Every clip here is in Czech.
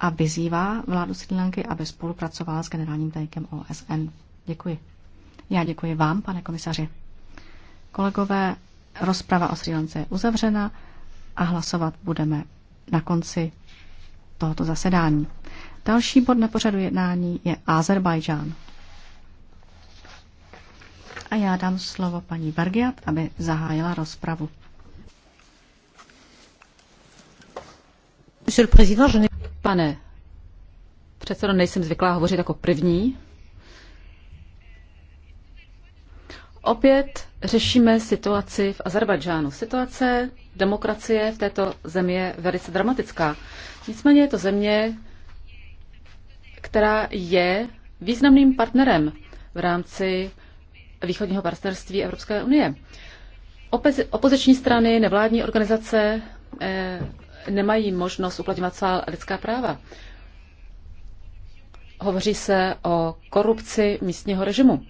a vyzývá vládu Sri Lanky, aby spolupracovala s generálním tajemníkem OSN. Děkuji. Já děkuji vám, pane komisaři. Kolegové, rozprava o Sri Lance je uzavřena a hlasovat budeme na konci tohoto zasedání. Další bod na pořadu jednání je Azerbajdžán. A já dám slovo paní Bergiat, aby zahájila rozpravu. Monsieur le Président, je Pane předsedo, nejsem zvyklá hovořit jako první. Opět řešíme situaci v Azerbajdžánu. Situace demokracie v této zemi je velice dramatická. Nicméně je to země, která je významným partnerem v rámci východního partnerství Evropské unie. Opoziční strany, nevládní organizace eh, nemají možnost uplatňovat svá lidská práva. Hovoří se o korupci místního režimu.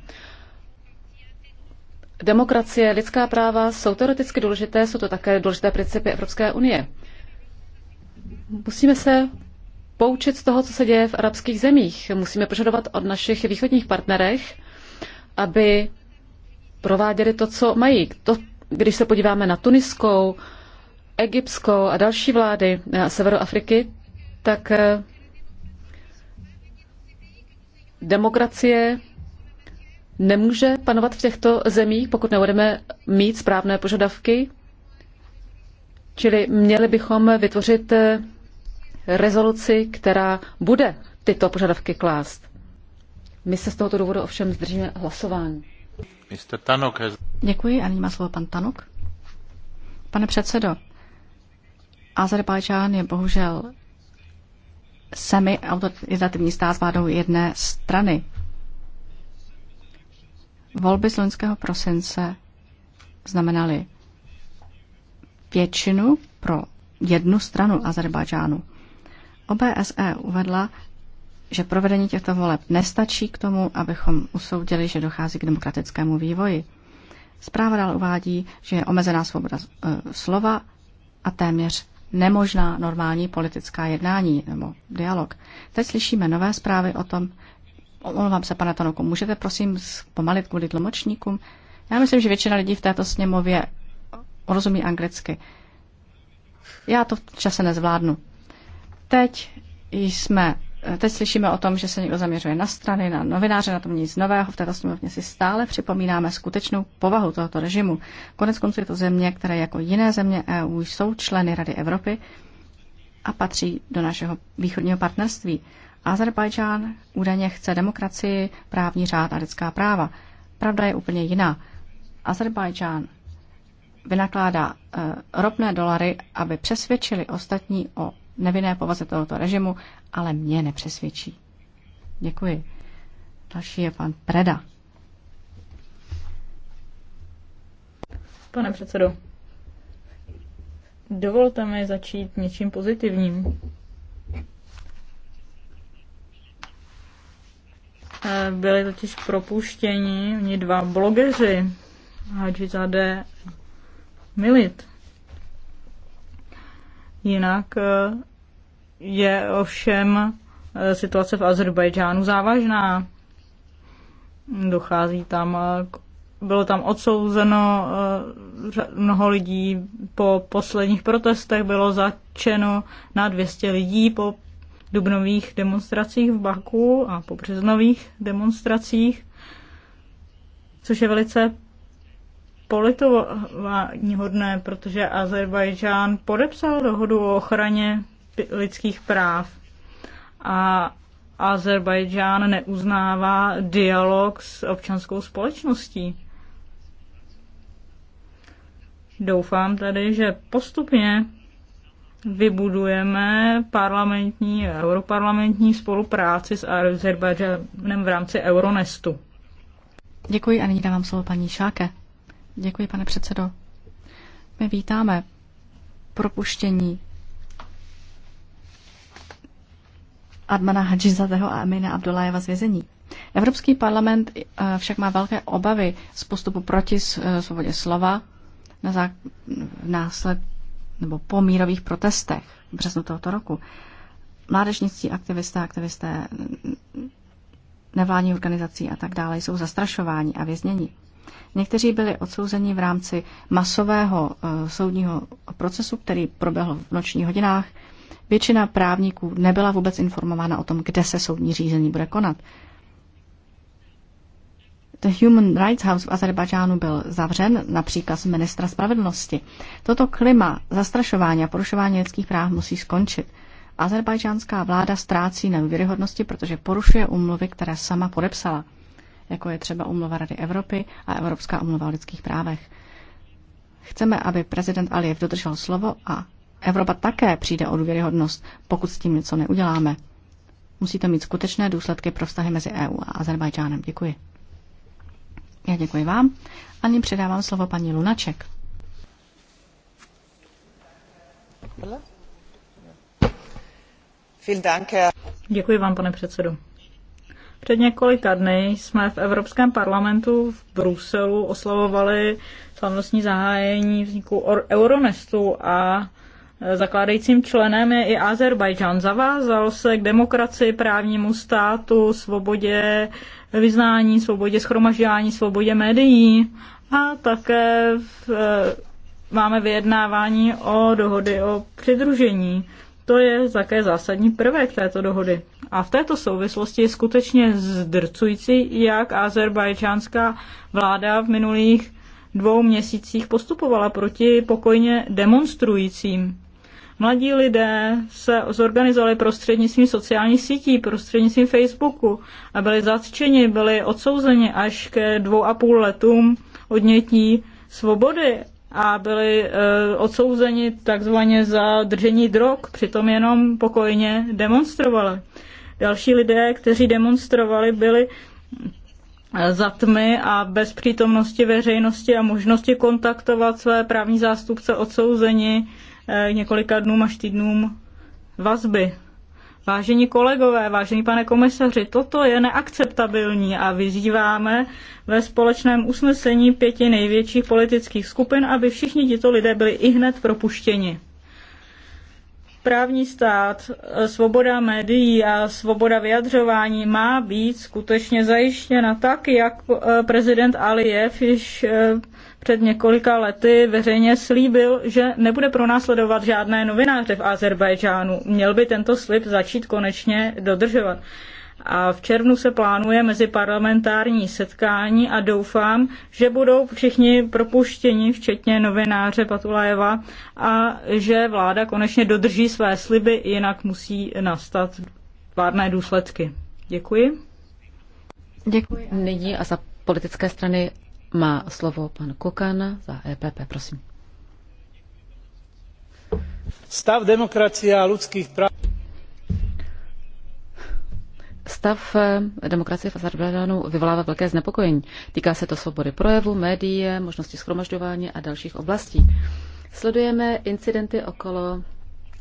Demokracie, lidská práva jsou teoreticky důležité, jsou to také důležité principy Evropské unie. Musíme se poučit z toho, co se děje v arabských zemích. Musíme požadovat od našich východních partnerech, aby prováděli to, co mají. To, když se podíváme na tuniskou Egyptsko a další vlády Severu Afriky, tak eh, demokracie nemůže panovat v těchto zemích, pokud nebudeme mít správné požadavky. Čili měli bychom vytvořit eh, rezoluci, která bude tyto požadavky klást. My se z tohoto důvodu ovšem zdržíme hlasování. Děkuji a nyní má slovo pan Tanok. Pane předsedo, Azerbajdžán je bohužel semi autoritativní stát s vládou jedné strany. Volby z loňského prosince znamenaly většinu pro jednu stranu Azerbajdžánu. OBSE uvedla, že provedení těchto voleb nestačí k tomu, abychom usoudili, že dochází k demokratickému vývoji. Zpráva dál uvádí, že je omezená svoboda e, slova a téměř nemožná normální politická jednání nebo dialog. Teď slyšíme nové zprávy o tom, omlouvám se, pane Tanoku, můžete prosím pomalit kvůli tlumočníkům? Já myslím, že většina lidí v této sněmově rozumí anglicky. Já to v čase nezvládnu. Teď jsme Eh, teď slyšíme o tom, že se někdo zaměřuje na strany, na novináře, na tom nic nového. V této sněmovně si stále připomínáme skutečnou povahu tohoto režimu. Konec konců je to země, které jako jiné země EU jsou členy Rady Evropy a patří do našeho východního partnerství. Azerbajdžán údajně chce demokracii, právní řád a lidská práva. Pravda je úplně jiná. Azerbajdžán vynakládá e, ropné dolary, aby přesvědčili ostatní o nevinné povaze tohoto režimu, ale mě nepřesvědčí. Děkuji. Další je pan Preda. Pane předsedo, dovolte mi začít něčím pozitivním. Eh, byli totiž propuštěni oni dva blogeři, Hadžizade Milit. Jinak e, je ovšem e, situace v Azerbajdžánu závažná. Dochází tam e, bylo tam odsouzeno mnoho lidí po posledních protestech, bylo začeno na 200 lidí po dubnových demonstracích v Baku a po březnových demonstracích, což je velice politování hodné, protože Azerbajdžán podepsal dohodu o ochraně lidských práv a Azerbajdžán neuznává dialog s občanskou společností. Doufám tedy, že postupně vybudujeme parlamentní, europarlamentní spolupráci s Azerbajdžánem v rámci Euronestu. Děkuji a nyní dávám slovo paní Šáke. Děkuji, pane předsedo. My vítáme propuštění Admana Hadžizadeho a Amina Abdullajeva z vězení. Evropský parlament eh, však má velké obavy z postupu proti eh, svobodě slova na zá... násled nebo po mírových protestech v březnu tohoto roku. Mládežnictví, aktivisté, aktivisté nevládní organizací a tak dále jsou zastrašováni a vězněni. Někteří byli odsouzeni v rámci masového eh, soudního procesu, který proběhl v nočních hodinách. Většina právníků nebyla vůbec informována o tom, kde se soudní řízení bude konat. The Human Rights House v Azerbajdžánu byl zavřen na příkaz ministra spravedlnosti. Toto klima zastrašování a porušování lidských práv musí skončit. Azerbajdžánská vláda ztrácí na důvěryhodnosti, protože porušuje úmluvy, které sama podepsala jako je třeba umluva Rady Evropy a Evropská umluva o lidských právech. Chceme, aby prezident Aliyev dodržel slovo a Evropa také přijde o důvěryhodnost, pokud s tím něco neuděláme. Musí to mít skutečné důsledky pro vztahy mezi EU a Azerbajdžánem. Děkuji. Já děkuji vám a nyní předávám slovo paní Lunaček. Děkuji vám, pane předsedo. Před několika dny jsme v Evropském parlamentu v Bruselu oslavovali slavnostní zahájení vzniku Euronestu a e, zakládajícím členem je i Azerbajdžán. Zavázal se k demokracii, právnímu státu, svobodě vyznání, svobodě schromažďování, svobodě médií a také v, e, máme vyjednávání o dohody o přidružení. To je také zásadní prvek této dohody. A v této souvislosti je skutečně zdrcující, jak azerbajdžánská vláda v minulých dvou měsících postupovala proti pokojně demonstrujícím. Mladí lidé se zorganizovali prostřednictvím sociálních sítí, prostřednictvím Facebooku a byli zatčeni, byli odsouzeni až ke dvou a půl letům odnětí svobody a byli e, odsouzeni takzvaně za držení drog, přitom jenom pokojně demonstrovali. Další lidé, kteří demonstrovali, byli eh, za tmy a bez přítomnosti veřejnosti a možnosti kontaktovat své právní zástupce odsouzeni eh, několika dnům až týdnům vazby. Vážení kolegové, vážení pane komisaři, toto je neakceptabilní a vyzýváme ve společném usnesení pěti největších politických skupin, aby všichni tito lidé byli i hned propuštěni právní stát, eh, svoboda médií a svoboda vyjadřování má být skutečně zajištěna tak, jak eh, prezident Alijev, již eh, před několika lety veřejně slíbil, že nebude pronásledovat žádné novináře v Azerbajdžánu. Měl by tento slib začít konečně dodržovat. A v červnu se plánuje meziparlamentární setkání a doufám, že budou všichni propuštěni, včetně novináře Patulajeva, a že vláda konečně dodrží své sliby, jinak musí nastat tvárné důsledky. Děkuji. Děkuji. Nyní a za politické strany má slovo pan Kokan za EPP, prosím. Stav demokracie a lidských práv Stav eh, demokracie v Azerbajdžánu vyvolává velké znepokojení. Týká se to svobody projevu, médií, možnosti schromažďování a dalších oblastí. Sledujeme incidenty okolo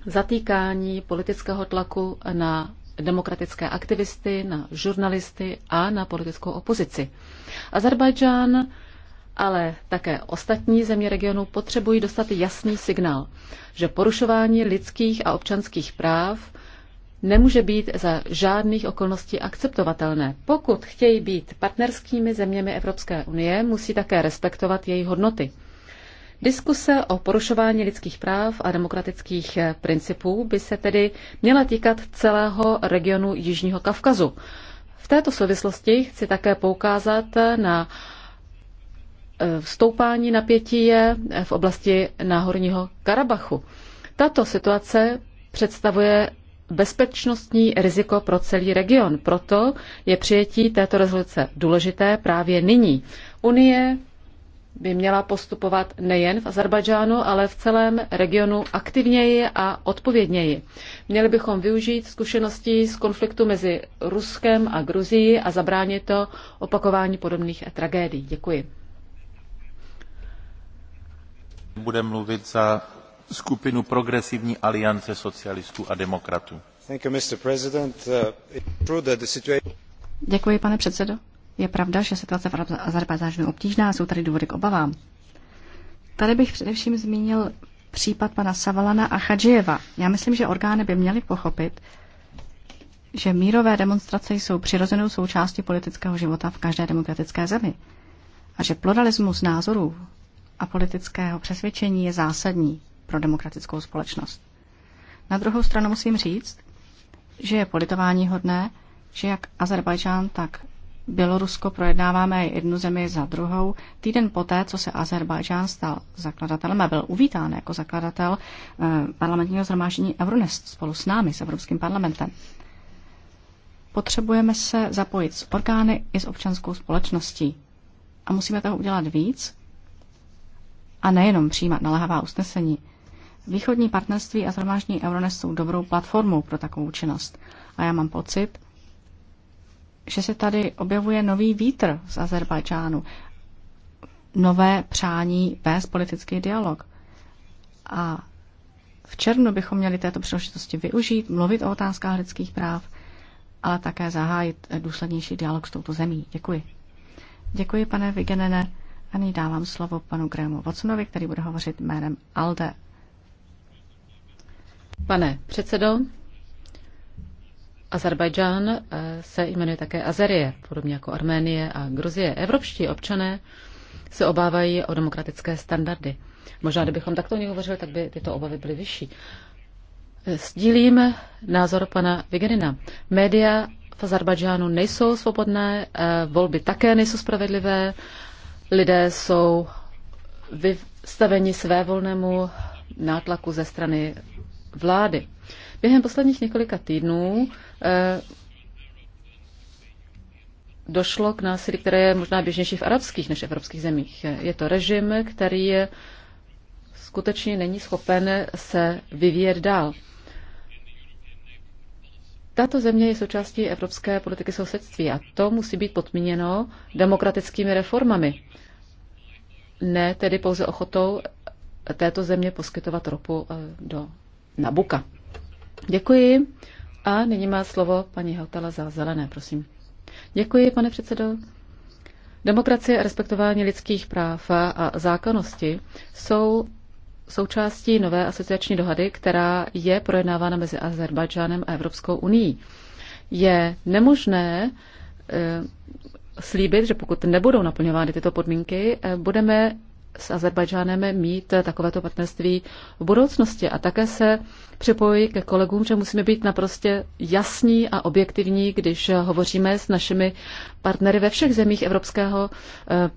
zatýkání politického tlaku na demokratické aktivisty, na žurnalisty a na politickou opozici. Azerbajdžán, ale také ostatní země regionu potřebují dostat jasný signál, že porušování lidských a občanských práv nemůže být za žádných okolností akceptovatelné. Pokud chtějí být partnerskými zeměmi Evropské unie, musí také respektovat její hodnoty. Diskuse o porušování lidských práv a demokratických principů by se tedy měla týkat celého regionu Jižního Kavkazu. V této souvislosti chci také poukázat na e, vstoupání napětí je v oblasti Náhorního Karabachu. Tato situace představuje bezpečnostní riziko pro celý region. Proto je přijetí této rezoluce důležité právě nyní. Unie by měla postupovat nejen v Azerbajdžánu, ale v celém regionu aktivněji a odpovědněji. Měli bychom využít zkušeností z konfliktu mezi Ruskem a Gruzií a zabránit to opakování podobných tragédií. Děkuji. Bude mluvit za skupinu Progresivní aliance socialistů a demokratů. Uh, Děkuji, pane předsedo. Je pravda, že situace v Azerbajdžánu je obtížná a jsou tady důvody k obavám. Tady bych především zmínil případ pana Savalana a Chadžijeva. Já myslím, že orgány by měly pochopit, že mírové demonstrace jsou přirozenou součástí politického života v každé demokratické zemi a že pluralismus názorů a politického přesvědčení je zásadní pro demokratickou společnost. Na druhou stranu musím říct, že je politování hodné, že jak Azerbajdžán, tak Bělorusko projednáváme jednu zemi za druhou. Týden poté, co se Azerbajdžán stal zakladatelem a byl uvítán jako zakladatel eh, parlamentního zhromáždění Euronest spolu s námi, s Evropským parlamentem, potřebujeme se zapojit s orgány i s občanskou společností. A musíme toho udělat víc a nejenom přijímat naléhavá usnesení. Východní partnerství a zhromáždění Euronest jsou dobrou platformou pro takovou činnost. A já mám pocit, že se tady objevuje nový vítr z Azerbajdžánu, nové přání vést politický dialog. A v červnu bychom měli této příležitosti využít, mluvit o otázkách lidských práv, ale také zahájit důslednější dialog s touto zemí. Děkuji. Děkuji, pane Vigenene. A nyní dávám slovo panu Grému Watsonovi, který bude hovořit jménem ALDE Pane předsedo, Azerbajdžán eh, se jmenuje také Azerie, podobně jako Arménie a Gruzie. Evropští občané se obávají o demokratické standardy. Možná, kdybychom takto o nich hovořili, tak by tyto obavy byly vyšší. Eh, sdílím názor pana Vigenina. Média v Azerbajdžánu nejsou svobodné, eh, volby také nejsou spravedlivé, lidé jsou vystaveni své volnému nátlaku ze strany vlády. Během posledních několika týdnů eh, došlo k násilí, které je možná běžnější v arabských než v evropských zemích. Je to režim, který skutečně není schopen se vyvíjet dál. Tato země je součástí evropské politiky sousedství a to musí být podmíněno demokratickými reformami. Ne tedy pouze ochotou této země poskytovat ropu eh, do Nabuka. Děkuji. A nyní má slovo paní Hautala za zelené, prosím. Děkuji, pane předsedo. Demokracie a respektování lidských práv a zákonnosti jsou součástí nové asociační dohady, která je projednávána mezi Azerbajdžánem a Evropskou unii. Je nemožné eh, slíbit, že pokud nebudou naplňovány tyto podmínky, eh, budeme s Azerbajdžánem mít takovéto partnerství v budoucnosti. A také se připojí ke kolegům, že musíme být naprostě jasní a objektivní, když hovoříme s našimi partnery ve všech zemích Evropského eh,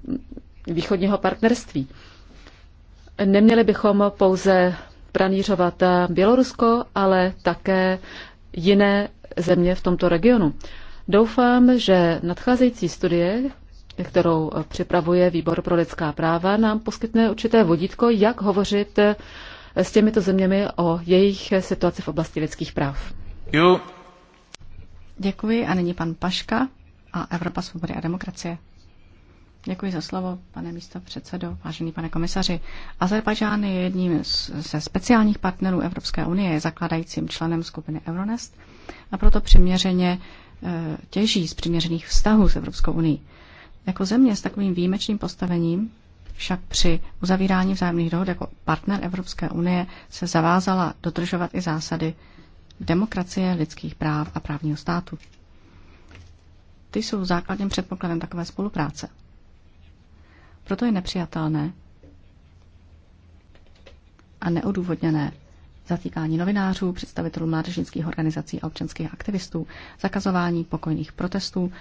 východního partnerství. Neměli bychom pouze pranířovat Bělorusko, ale také jiné země v tomto regionu. Doufám, že nadcházející studie, kterou připravuje Výbor pro lidská práva, nám poskytne určité vodítko, jak hovořit s těmito zeměmi o jejich situaci v oblasti lidských práv. Jo. Děkuji a nyní pan Paška a Evropa svobody a demokracie. Děkuji za slovo, pane místo předsedo, vážený pane komisaři. Azerbajdžán je jedním z, ze speciálních partnerů Evropské unie, je zakladajícím členem skupiny Euronest a proto přiměřeně eh, těží z přiměřených vztahů s Evropskou unii. Jako země s takovým výjimečným postavením však při uzavírání vzájemných dohod jako partner Evropské unie se zavázala dodržovat i zásady demokracie, lidských práv a právního státu. Ty jsou základním předpokladem takové spolupráce. Proto je nepřijatelné a neodůvodněné zatýkání novinářů, představitelů mládežnických organizací a občanských aktivistů, zakazování pokojných protestů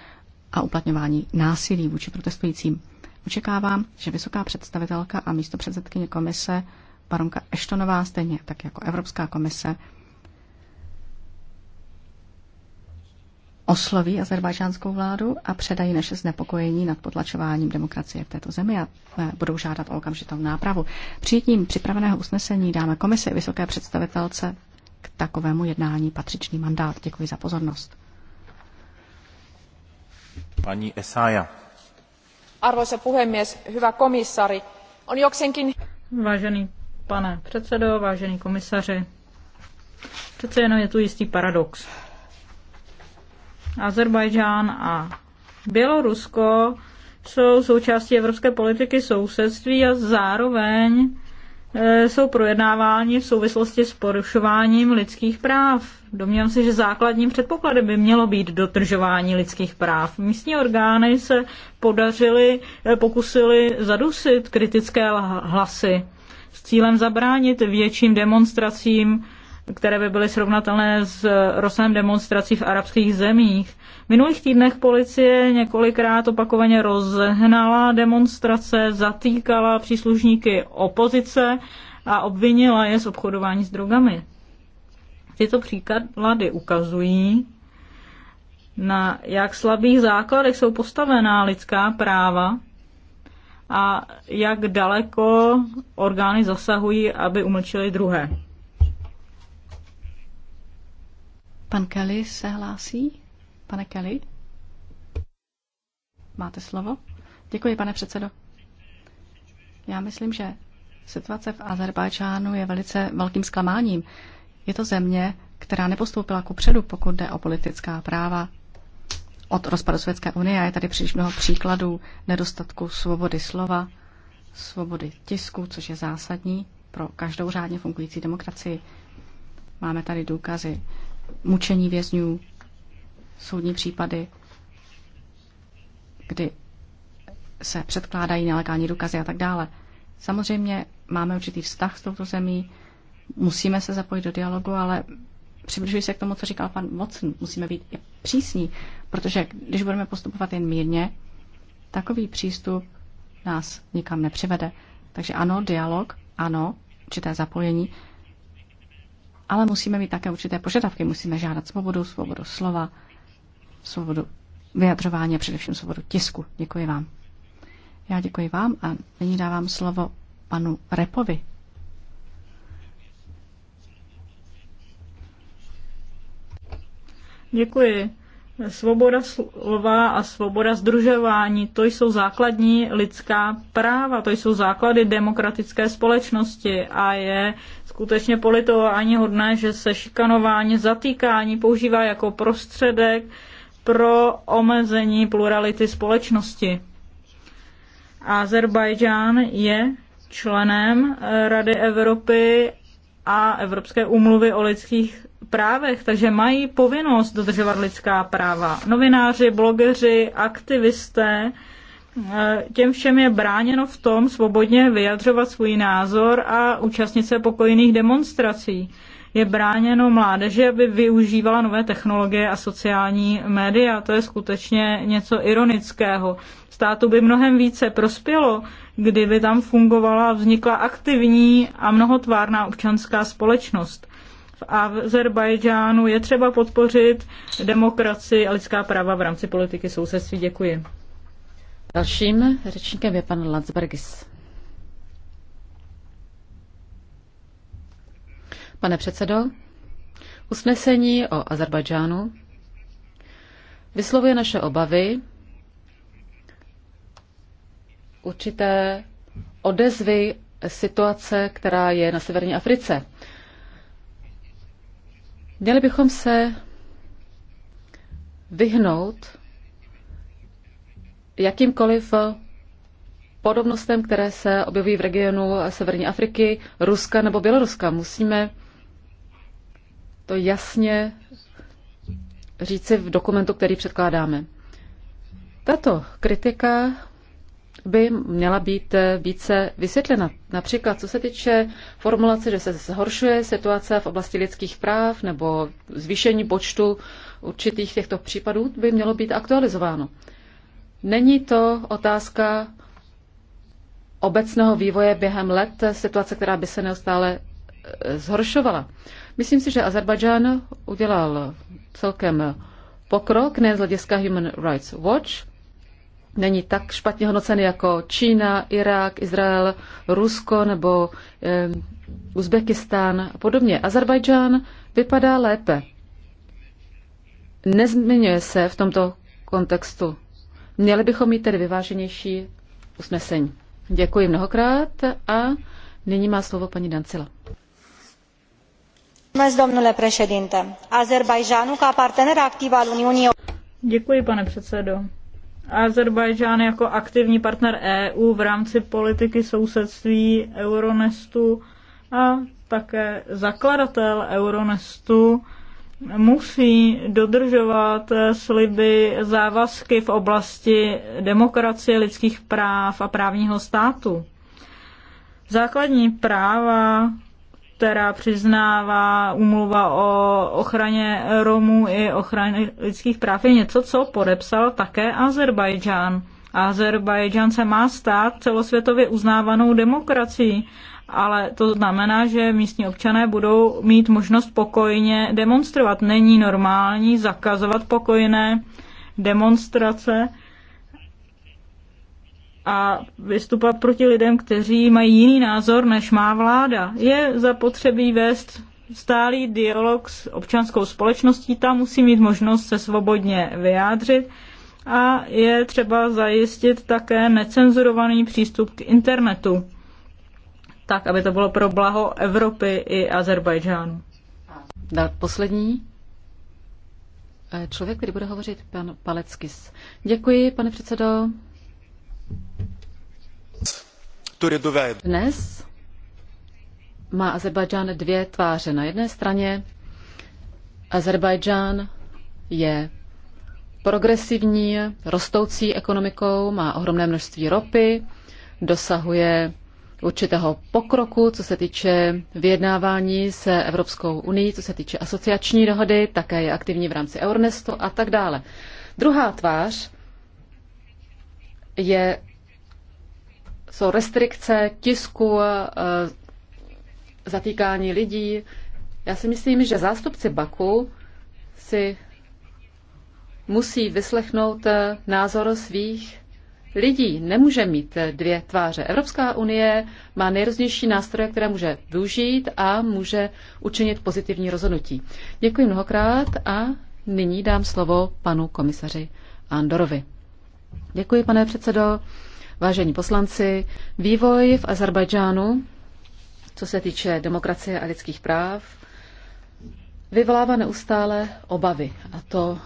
a uplatňování násilí vůči protestujícím. Očekávám, že vysoká představitelka a místo předsedkyně komise baronka Eštonová, stejně tak jako Evropská komise, osloví azerbajžánskou vládu a předají naše znepokojení nad potlačováním demokracie v této zemi a e, budou žádat o okamžitou nápravu. Přijetím připraveného usnesení dáme komise vysoké představitelce k takovému jednání patřičný mandát. Děkuji za pozornost. Arvoisa puhemies, hyvä komissaari on jokseenkin... Vážený pane předsedo, vážený komisaři, přece jenom je tu jistý paradox. Azerbajdžán a Bělorusko jsou součástí evropské politiky sousedství a zároveň E, jsou projednávání v souvislosti s porušováním lidských práv. Domnívám se, že základním předpokladem by mělo být dotržování lidských práv. Místní orgány se podařily, e, pokusily zadusit kritické hlasy s cílem zabránit větším demonstracím které by byly srovnatelné s rozsahem demonstrací v arabských zemích. V minulých týdnech policie několikrát opakovaně rozehnala demonstrace, zatýkala příslušníky opozice a obvinila je z obchodování s drogami. Tyto příklady ukazují, na jak slabých základech jsou postavená lidská práva a jak daleko orgány zasahují, aby umlčili druhé. Pan Kelly se hlásí. Pane Kelly, máte slovo. Děkuji, pane předsedo. Já myslím, že situace v Azerbajdžánu je velice velkým zklamáním. Je to země, která nepostoupila ku předu, pokud jde o politická práva. Od rozpadu Světské unie je tady příliš mnoho příkladů nedostatku svobody slova, svobody tisku, což je zásadní pro každou řádně fungující demokracii. Máme tady důkazy mučení vězňů, soudní případy, kdy se předkládají nelegální důkazy a tak dále. Samozřejmě máme určitý vztah s touto zemí, musíme se zapojit do dialogu, ale přibližuji se k tomu, co říkal pan Watson. Musíme být i přísní, protože když budeme postupovat jen mírně, takový přístup nás nikam nepřivede. Takže ano, dialog, ano, určité zapojení, ale musíme mít také určité požadavky. Musíme žádat svobodu, svobodu slova, svobodu vyjadřování a především svobodu tisku. Děkuji vám. Já děkuji vám a nyní dávám slovo panu Repovi. Děkuji. Svoboda slova a svoboda združování, to jsou základní lidská práva, to jsou základy demokratické společnosti a je skutečně politování hodné, že se šikanování, zatýkání používá jako prostředek pro omezení plurality společnosti. Azerbajdžán je členem eh, Rady Evropy a Evropské úmluvy o lidských právech, takže mají povinnost dodržovat lidská práva. Novináři, blogeři, aktivisté Eh, těm všem je bráněno v tom svobodně vyjadřovat svůj názor a účastnit se pokojných demonstrací. Je bráněno mládeže, aby využívala nové technologie a sociální média. To je skutečně něco ironického. Státu by mnohem více prospělo, kdyby tam fungovala a vznikla aktivní a mnohotvárná občanská společnost. V Azerbajdžánu je třeba podpořit demokracii a lidská práva v rámci politiky sousedství. Děkuji. Dalším řečníkem je pan Landsbergis. Pane předsedo, usnesení o Azerbajdžánu vyslovuje naše obavy určité odezvy situace, která je na severní Africe. Měli bychom se vyhnout jakýmkoliv eh, podobnostem, které se objeví v regionu eh, Severní Afriky, Ruska nebo Běloruska. Musíme to jasně říci v dokumentu, který předkládáme. Tato kritika by měla být eh, více vysvětlena. Například co se týče formulace, že se zhoršuje situace v oblasti lidských práv nebo zvýšení počtu určitých těchto případů, by mělo být aktualizováno. Není to otázka obecného vývoje během let, situace, která by se neustále e, zhoršovala. Myslím si, že Azerbajdžán udělal celkem pokrok, nejen z hlediska Human Rights Watch. Není tak špatně hodnocen jako Čína, Irák, Izrael, Rusko nebo eh, Uzbekistán a podobně. Azerbajdžán vypadá lépe. Nezmiňuje se v tomto kontextu. Měli bychom mít tedy vyváženější usnesení. Děkuji mnohokrát a nyní má slovo paní Dancila. Děkuji, pane předsedo. Azerbajžán jako aktivní partner EU v rámci politiky sousedství Euronestu a také zakladatel Euronestu musí dodržovat sliby, závazky v oblasti demokracie, lidských práv a právního státu. Základní práva, která přiznává umluva o ochraně Romů i ochraně lidských práv, je něco, co podepsal také Azerbajdžán. Azerbajdžán se má stát celosvětově uznávanou demokracií ale to znamená, že místní občané budou mít možnost pokojně demonstrovat. Není normální zakazovat pokojné demonstrace a vystupovat proti lidem, kteří mají jiný názor, než má vláda. Je zapotřebí vést stálý dialog s občanskou společností, tam musí mít možnost se svobodně vyjádřit a je třeba zajistit také necenzurovaný přístup k internetu tak, aby to bylo pro blaho Evropy i Azerbajdžánu. Dal poslední. Eh, člověk, který bude hovořit, pan Paleckis. Děkuji, pane předsedo. Dnes má Azerbajdžán dvě tváře. Na jedné straně Azerbajdžán je progresivní, rostoucí ekonomikou, má ohromné množství ropy, dosahuje určitého pokroku, co se týče vyjednávání se Evropskou unii, co se týče asociační dohody, také je aktivní v rámci Euronestu a tak dále. Druhá tvář je, jsou restrikce tisku, eh, zatýkání lidí. Já si myslím, že zástupci Baku si musí vyslechnout eh, názor svých lidí nemůže mít dvě tváře. Evropská unie má nejrůznější nástroje, které může využít a může učinit pozitivní rozhodnutí. Děkuji mnohokrát a nyní dám slovo panu komisaři Andorovi. Děkuji, pane předsedo. Vážení poslanci, vývoj v Azerbajdžánu, co se týče demokracie a lidských práv, vyvolává neustále obavy, a to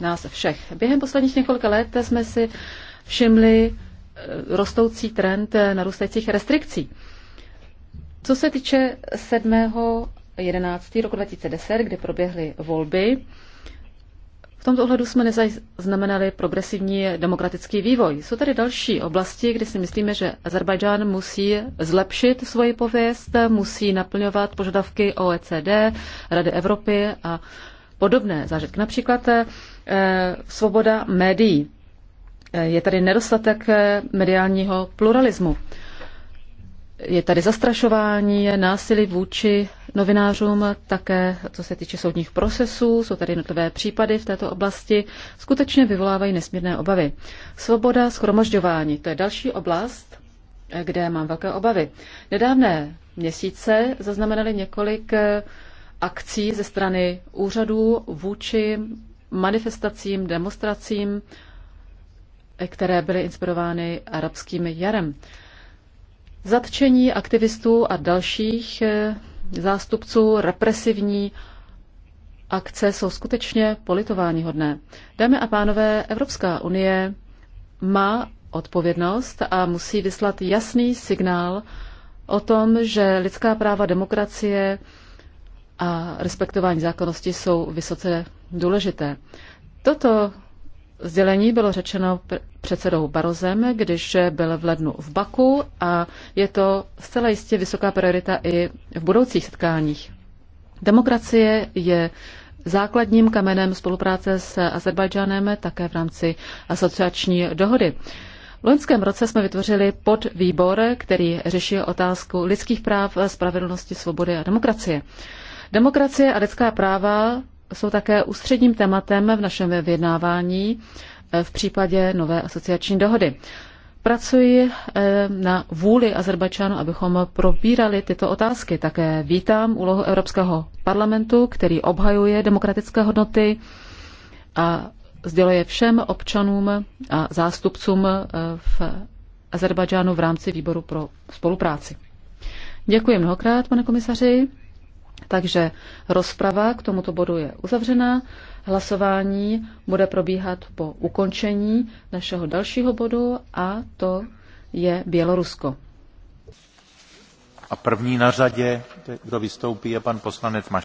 nás všech. Během posledních několika let jsme si všimli eh, rostoucí trend eh, narůstajících restrikcí. Co se týče 7. 11. roku 2010, kdy proběhly volby, v tomto ohledu jsme nezaznamenali progresivní demokratický vývoj. Jsou tady další oblasti, kde si myslíme, že Azerbajdžán musí zlepšit svoji pověst, musí naplňovat požadavky OECD, Rady Evropy a podobné zážitky. Například eh, svoboda médií. Je tady nedostatek eh, mediálního pluralismu. Je tady zastrašování, násilí vůči novinářům, také co se týče soudních procesů, jsou tady notové případy v této oblasti, skutečně vyvolávají nesmírné obavy. Svoboda schromažďování, to je další oblast, eh, kde mám velké obavy. Nedávné měsíce zaznamenaly několik eh, akcí ze strany úřadů vůči manifestacím, demonstracím které byly inspirovány arabským jarem. Zatčení aktivistů a dalších eh, zástupců represivní akce jsou skutečně politováníhodné. Dámy a pánové, Evropská unie má odpovědnost a musí vyslat jasný signál o tom, že lidská práva, demokracie a respektování zákonnosti jsou vysoce důležité. Toto sdělení bylo řečeno předsedou Barozem, když byl v lednu v Baku a je to zcela jistě vysoká priorita i v budoucích setkáních. Demokracie je základním kamenem spolupráce s Azerbajdžánem také v rámci asociační dohody. V loňském roce jsme vytvořili podvýbor, který řeší otázku lidských práv, spravedlnosti, svobody a demokracie. Demokracie a lidská práva jsou také ústředním tématem v našem vyjednávání eh, v případě nové asociační dohody. Pracuji eh, na vůli Azerbajdžánu, abychom probírali tyto otázky. Také vítám úlohu Evropského parlamentu, který obhajuje demokratické hodnoty a sděluje všem občanům a zástupcům eh, v Azerbajdžánu v rámci výboru pro spolupráci. Děkuji mnohokrát, pane komisaři. Takže rozprava k tomuto bodu je uzavřená. Hlasování bude probíhat po ukončení našeho dalšího bodu a to je Bělorusko. A první na řadě, kdo vystoupí, je pan poslanec Maš.